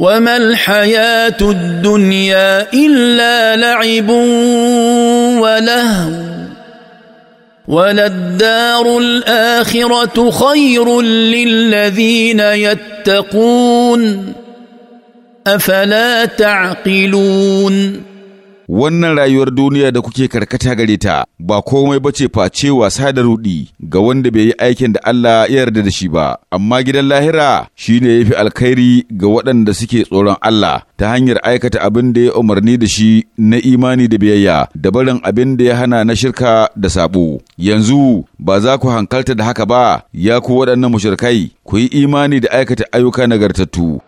وما الحياة الدنيا إلا لعب ولهو وللدار الآخرة خير للذين يتقون أفلا تعقلون wannan rayuwar duniya da kuke karkata gare ta ba komai ce face wasa da rudi ga wanda bai yi aikin da Allah ya yarda da shi ba amma gidan lahira shine yafi alkhairi ga waɗanda suke tsoron Allah ta hanyar aikata abin da ya umarni da shi na imani da biyayya da barin abin da ya hana na shirka da sabo yanzu ba za ku hankalta da haka ba ya ku waɗannan mushrikai ku yi imani da aikata ayyuka nagartattu